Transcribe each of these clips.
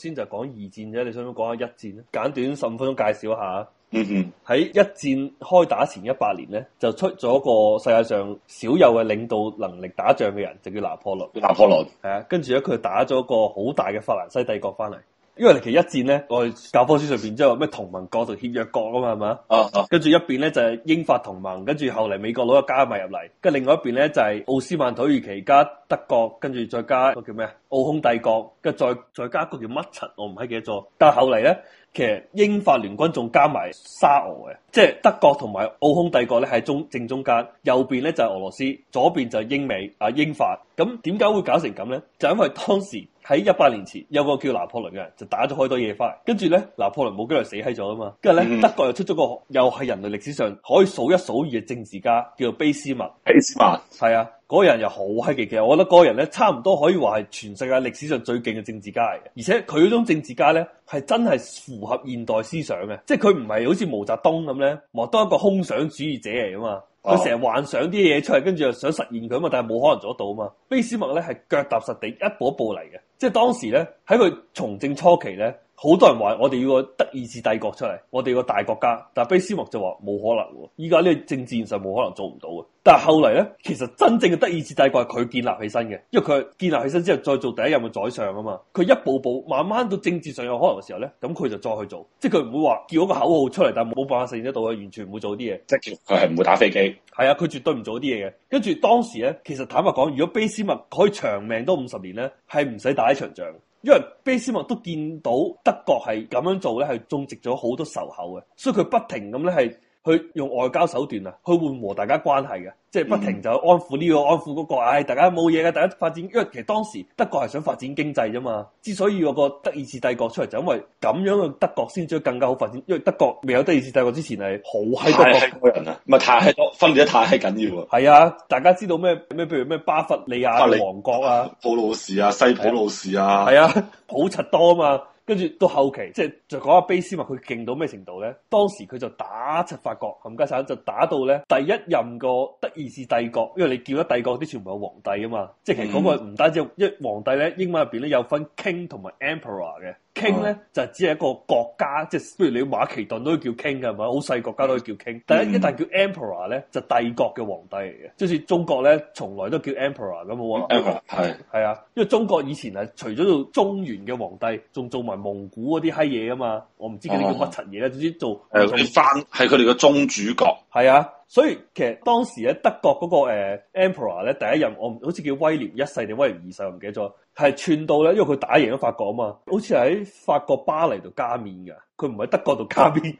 先就講二戰啫，你想唔想講下一戰咧？簡短十五分鐘介紹一下。嗯嗯，喺一戰開打前一百年咧，就出咗個世界上少有嘅領導能力打仗嘅人，就叫拿破崙。拿破崙係啊，跟住咧佢打咗個好大嘅法蘭西帝國翻嚟。因為嚟其一戰咧，我哋教科書上邊即係話咩同盟國同協約國啊嘛，係嘛？啊啊、uh, uh.！跟住一邊咧就係、是、英法同盟，跟住後嚟美國佬又加埋入嚟，跟另外一邊咧就係、是、奧斯曼土耳其加德國，跟住再加一個叫咩啊？奧匈帝國，跟再再加一個叫乜柒？我唔係記得咗。但係後嚟咧。其實英法聯軍仲加埋沙俄嘅，即係德國同埋奧匈帝國咧喺中正中間，右邊咧就係、是、俄羅斯，左邊就係英美啊英法。咁點解會搞成咁咧？就因為當時喺一百年前有個叫拿破崙嘅人，就打咗好多嘢翻嚟。跟住咧，拿破崙冇幾耐死喺咗啊嘛。跟住咧，嗯、德國又出咗個又係人類歷史上可以數一數二嘅政治家，叫做俾斯麥。俾斯麥係啊。嗰人又好閪勁嘅，我覺得嗰人咧差唔多可以話係全世界歷史上最勁嘅政治家嚟嘅，而且佢嗰種政治家咧係真係符合現代思想嘅，即係佢唔係好似毛澤東咁咧，毛澤東一個空想主義者嚟啊嘛，佢成日幻想啲嘢出嚟，跟住又想實現佢啊嘛，但係冇可能做得到啊嘛。俾斯麥咧係腳踏實地，一步一步嚟嘅，即係當時咧喺佢從政初期咧。好多人話我哋要個德意志帝國出嚟，我哋個大國家，但係卑斯麥就話冇可能，依家呢個政治上冇可能做唔到嘅。但係後嚟咧，其實真正嘅德意志帝國係佢建立起身嘅，因為佢建立起身之後再做第一任嘅宰相啊嘛。佢一步步慢慢到政治上有可能嘅時候咧，咁佢就再去做，即係佢唔會話叫一個口號出嚟，但係冇辦法實現得到佢完全唔會做啲嘢。即係佢係唔會打飛機。係啊，佢絕對唔做啲嘢嘅。跟住當時咧，其實坦白講，如果卑斯麥可以長命多五十年咧，係唔使打呢場仗。因為俾斯麥都見到德國係咁樣做咧，係種植咗好多仇口嘅，所以佢不停咁咧係，去用外交手段啊，去緩和大家關係嘅，即係不停就安撫呢、這個、嗯、安撫嗰、那個。唉、哎，大家冇嘢嘅，大家發展。因為其實當時德國係想發展經濟啫嘛。之所以有個德意志帝國出嚟，就因為咁樣嘅德國先至更加好發展。因為德國未有德意志帝國之前係好閪多，係係多人啊，唔係太閪多，分裂得太閪緊要啊。係啊，大家知道咩咩？比如咩巴伐利亞王國啊、啊普魯士啊、西普魯士啊，係啊，普察多啊嘛。跟住到後期，即係就講下卑斯話佢勁到咩程度咧？當時佢就打七法國，冚家鏟就打到咧第一任個德意志帝國，因為你叫咗帝國啲全部有皇帝啊嘛，即係其實嗰個唔單止一皇帝咧，英文入邊咧有分 king 同埋 emperor 嘅。king 咧就是、只係一個國家，即係比如你馬其頓都可叫 king 嘅，係咪？好細國家都可叫 king，但係一旦叫 emperor 咧，就是、帝國嘅皇帝嚟嘅，即、就、係、是、中國咧，從來都叫 emperor, emperor 咁好啦。emperor 係係啊，因為中國以前係除咗做中原嘅皇帝，仲做埋蒙古嗰啲閪嘢啊嘛，我唔知嗰啲、啊、叫乜柒嘢咧，總之做誒，嗰係佢哋嘅宗主國。係啊，所以其實當時喺德國嗰、那個誒、呃、Emperor 咧，第一任我好似叫威廉一世定威廉二世我唔記得咗，係串到咧，因為佢打贏咗法國啊嘛，好似喺法國巴黎度加冕噶，佢唔喺德國度加冕，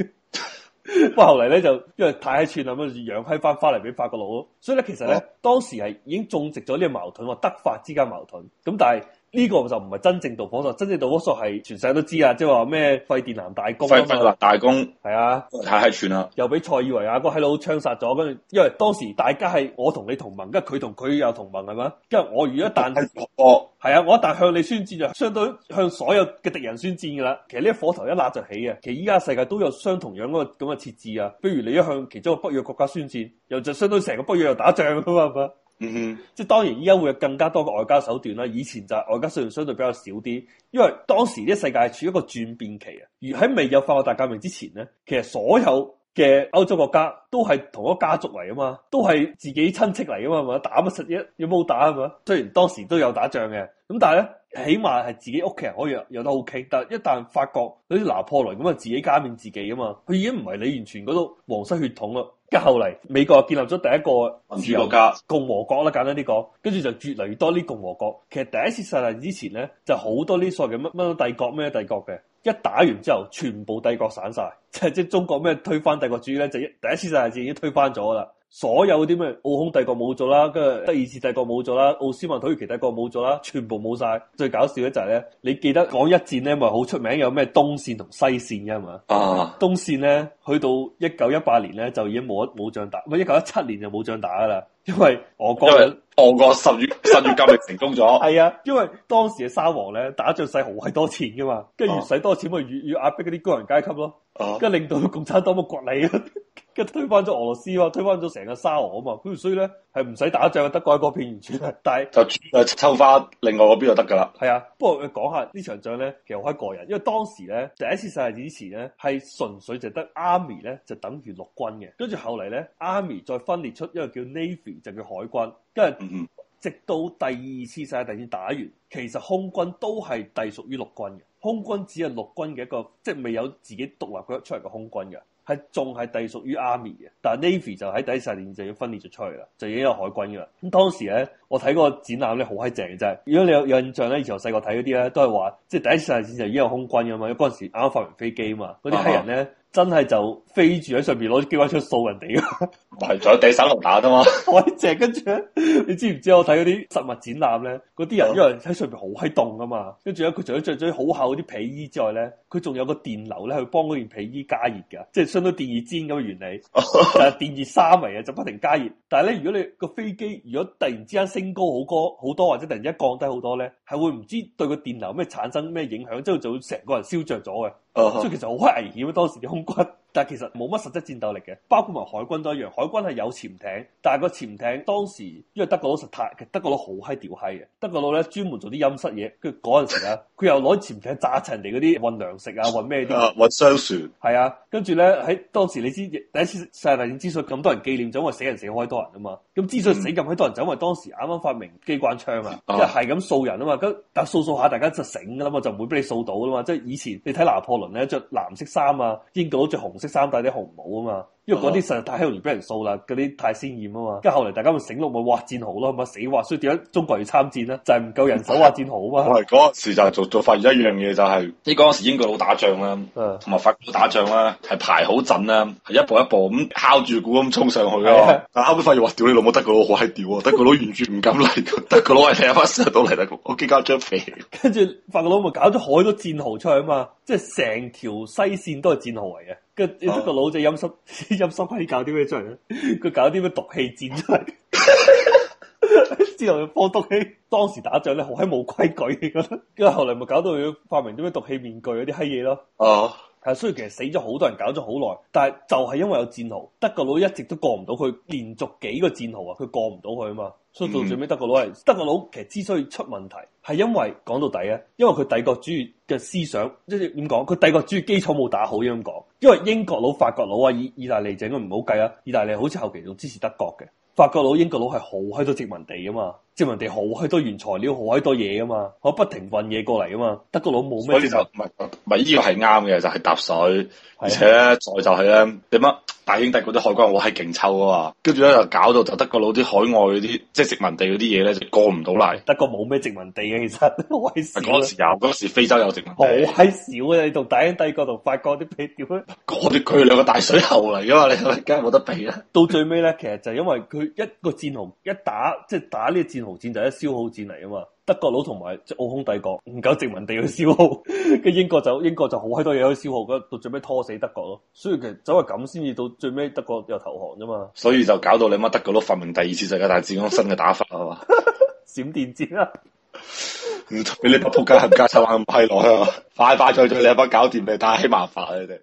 不 過後嚟咧就因為太串啦，咁樣養喺翻翻嚟俾法國佬，所以咧其實咧、啊、當時係已經種植咗呢個矛盾，話德法之間矛盾，咁但係。呢個就唔係真正導火索，真正導火索係全世界都知啊，即係話咩斐迪南大公。廢電大公係啊，太係全啊。又俾塞爾維亞啊個喺佬槍殺咗，跟住因為當時大家係我同你同盟，跟住佢同佢又同盟係嘛，因為我如果一旦係我係啊，我一旦向你宣戰，就相當於向所有嘅敵人宣戰㗎啦。其實呢火頭一揦就起啊，其實依家世界都有相同樣嗰個咁嘅設置啊。比如你一向其中個北約國家宣戰，又就相當成個北約又打仗㗎嘛，係嘛？ 嗯哼， 即係當然而家會有更加多嘅外交手段啦，以前就係外交手段相對比較少啲，因為當時啲世界係處於一個轉變期啊，而喺未有法國大革命之前咧，其實所有嘅歐洲國家都係同一家族嚟啊嘛，都係自己親戚嚟啊嘛，係嘛打乜實一有冇打啊嘛。雖然當時都有打仗嘅，咁但係咧，起碼係自己屋企人可以有得 O K。但係一旦發覺好似拿破崙咁啊，自己加冕自己啊嘛，佢已經唔係你完全嗰度皇室血統啦。跟住後嚟美國建立咗第一個自由國家共和國啦，簡單啲講，跟住就越嚟越多啲共和國。其實第一次世界大戰之前咧，就好多呢所謂嘅乜乜帝國咩帝國嘅。一打完之後，全部帝國散晒。即係即係中國咩推翻帝國主義咧，就一第一次世界大戰已經推翻咗啦。所有啲咩奧匈帝國冇咗啦，跟住第二次帝國冇咗啦，奧斯曼土耳其帝國冇咗啦，全部冇晒。最搞笑嘅就係、是、咧，你記得講一戰咧，咪好出名有咩東線同西線噶嘛？啊！東線咧去到一九一八年咧就已經冇冇仗打，唔係一九一七年就冇仗打噶啦，因為俄國，因為俄國十月十 月革命成功咗。係 啊，因為當時嘅沙皇咧打仗使豪係多錢噶嘛，跟住越使多錢咪越、啊、越壓迫嗰啲工人階級咯，跟住、啊、令到共產黨冇國力。 跟推翻咗俄羅斯嘛，推翻咗成個沙俄啊嘛，跟住所以咧係唔使打仗，德國喺邊完全。但係就誒抽翻另外嗰邊就得噶啦。係啊，不過你講下呢場仗咧，其實我開個人，因為當時咧第一次世界戰前咧係純粹就得 Army 咧就等於陸軍嘅，跟住後嚟咧 Army 再分裂出一個叫 Navy 就叫海軍，跟住直到第二次世界大戰打完，其實空軍都係隸屬於陸軍嘅，空軍只係陸軍嘅一個，即係未有自己獨立出嚟嘅空軍嘅。仲係隸屬於 Army 嘅，但 Navy 就喺第一次世界戰就要分裂咗出嚟啦，就已經有海軍噶啦。咁當時咧，我睇個展覽咧好閪正嘅，真係。如果你有印象咧，以前我細個睇嗰啲咧，都係話即係第一次世界戰就已經有空軍噶嘛，嗰陣時啱啱發明飛機啊嘛，嗰啲黑人咧。啊啊真係就飛住喺上邊攞機槍去掃人哋噶，係仲有第三層打啫嘛。威正，跟住咧，你知唔知我睇嗰啲實物展覽咧？嗰啲人因為喺上邊好閪凍噶嘛，跟住咧佢除咗着咗好厚啲皮衣之外咧，佢仲有個電流咧去幫嗰件皮衣加熱噶，即係相當於電熱氈咁嘅原理，但係 電熱衫嚟嘅就不停加熱。但係咧，如果你個飛機如果突然之間升高好高好多，多或者突然之間降低好多咧，係會唔知對個電流咩產生咩影響，之後就是、會成個人燒着咗嘅。所以其實好危險，當時啲空軍。Huh. 但其實冇乜實質戰鬥力嘅，包括埋海軍都一樣。海軍係有潛艇，但係個潛艇當時因為德國佬實太嘅，其實德國佬好閪屌閪嘅。德國佬咧專門做啲陰濕嘢，跟住嗰時啊，佢又攞潛艇炸人哋嗰啲運糧食啊，運咩啲啊？運商船係啊，跟住咧喺當時你知第一次世界大戰之所以咁多人紀念，就，因為死人死開多人啊嘛。咁之所以死咁閪多人，就因為當時啱啱發明機關槍啊， 即係咁掃人啊嘛。咁但係掃掃下大家就醒㗎啦嘛，就唔會俾你掃到㗎嘛。即係以前你睇拿破崙咧，着藍色衫啊，英國佬着紅。識三大啲紅帽啊嘛，因為嗰啲實在太輕易俾人掃啦，嗰啲太鮮艷啊嘛。跟住後嚟大家咪醒到咪挖戰壕咯，咪死挖。所以點解中國要參戰咧？就係、是、唔夠人手挖不用 戰壕啊嘛。嗰時就係做做發現一樣嘢、就是，就係啲嗰陣時英國佬打仗啦，同埋的法國佬打仗啦，係排好陣啦，係一步一步咁敲住鼓咁衝上去啊。的但後尾發現，哇！屌你老母德國佬好閪屌啊，德國佬完全唔敢嚟，德國佬係睇下翻時日到嚟德國，我即刻張皮。 跟住法國佬咪搞咗好多戰壕出嚟啊嘛，即係成條西線都係戰壕嚟嘅。一個、啊、老仔陰濕，陰濕可以搞啲咩出嚟？佢搞啲咩毒氣戰出嚟？ 之後放毒氣，當時打仗咧好閪冇規矩，咁啦，跟住後嚟咪搞到佢發明啲咩毒氣面具嗰啲閪嘢咯。哦、啊。係，所以其實死咗好多人，搞咗好耐，但係就係因為有戰壕，德國佬一直都過唔到佢，連續幾個戰壕啊，佢過唔到佢啊嘛，所以到最尾德國佬係德國佬，其實之所以出問題係因為講到底啊，因為佢帝國主義嘅思想，即係點講，佢帝國主義基礎冇打好，咁樣講，因為英國佬、法國佬啊、意意大利整，唔好計啊，意大利好似後期仲支持德國嘅。法國佬、英國佬係好閪多殖民地噶嘛，殖民地好閪多原材料，好閪多嘢噶嘛，我不停運嘢過嚟噶嘛。德國佬冇咩，所以就唔係唔係呢個係啱嘅，就係搭水。而且再就係咧，點啊？大英帝國啲海關我係勁臭噶、啊，跟住咧就搞到就德國佬啲海外啲即係殖民地嗰啲嘢咧就過唔到嚟。德國冇咩殖民地嘅其實，好閪少嗰個時有，嗰、嗰個時非洲有殖民地，好閪少嘅，你同大英帝國同法國啲比，點啊？我哋佢兩個大水喉嚟噶嘛，你梗係冇得比啦。到最尾咧，其實就因為佢。 一個戰壕一打即係打呢個戰壕戰就係、是、一消耗戰嚟㗎嘛，德國佬同埋即係奧匈帝國唔夠殖民地去消耗，咁英國就英國就好閪多嘢去消耗，到最尾拖死德國咯。所以其實走係咁先至到最尾德國又投降啫嘛。所以就搞到你媽德國佬發明第二次世界大戰新嘅打法係嘛？閃 電戰啊！唔同 你仆街，冚家七玩咁批耐啊！ 快快脆脆，你一媽搞掂你，太麻煩啊你！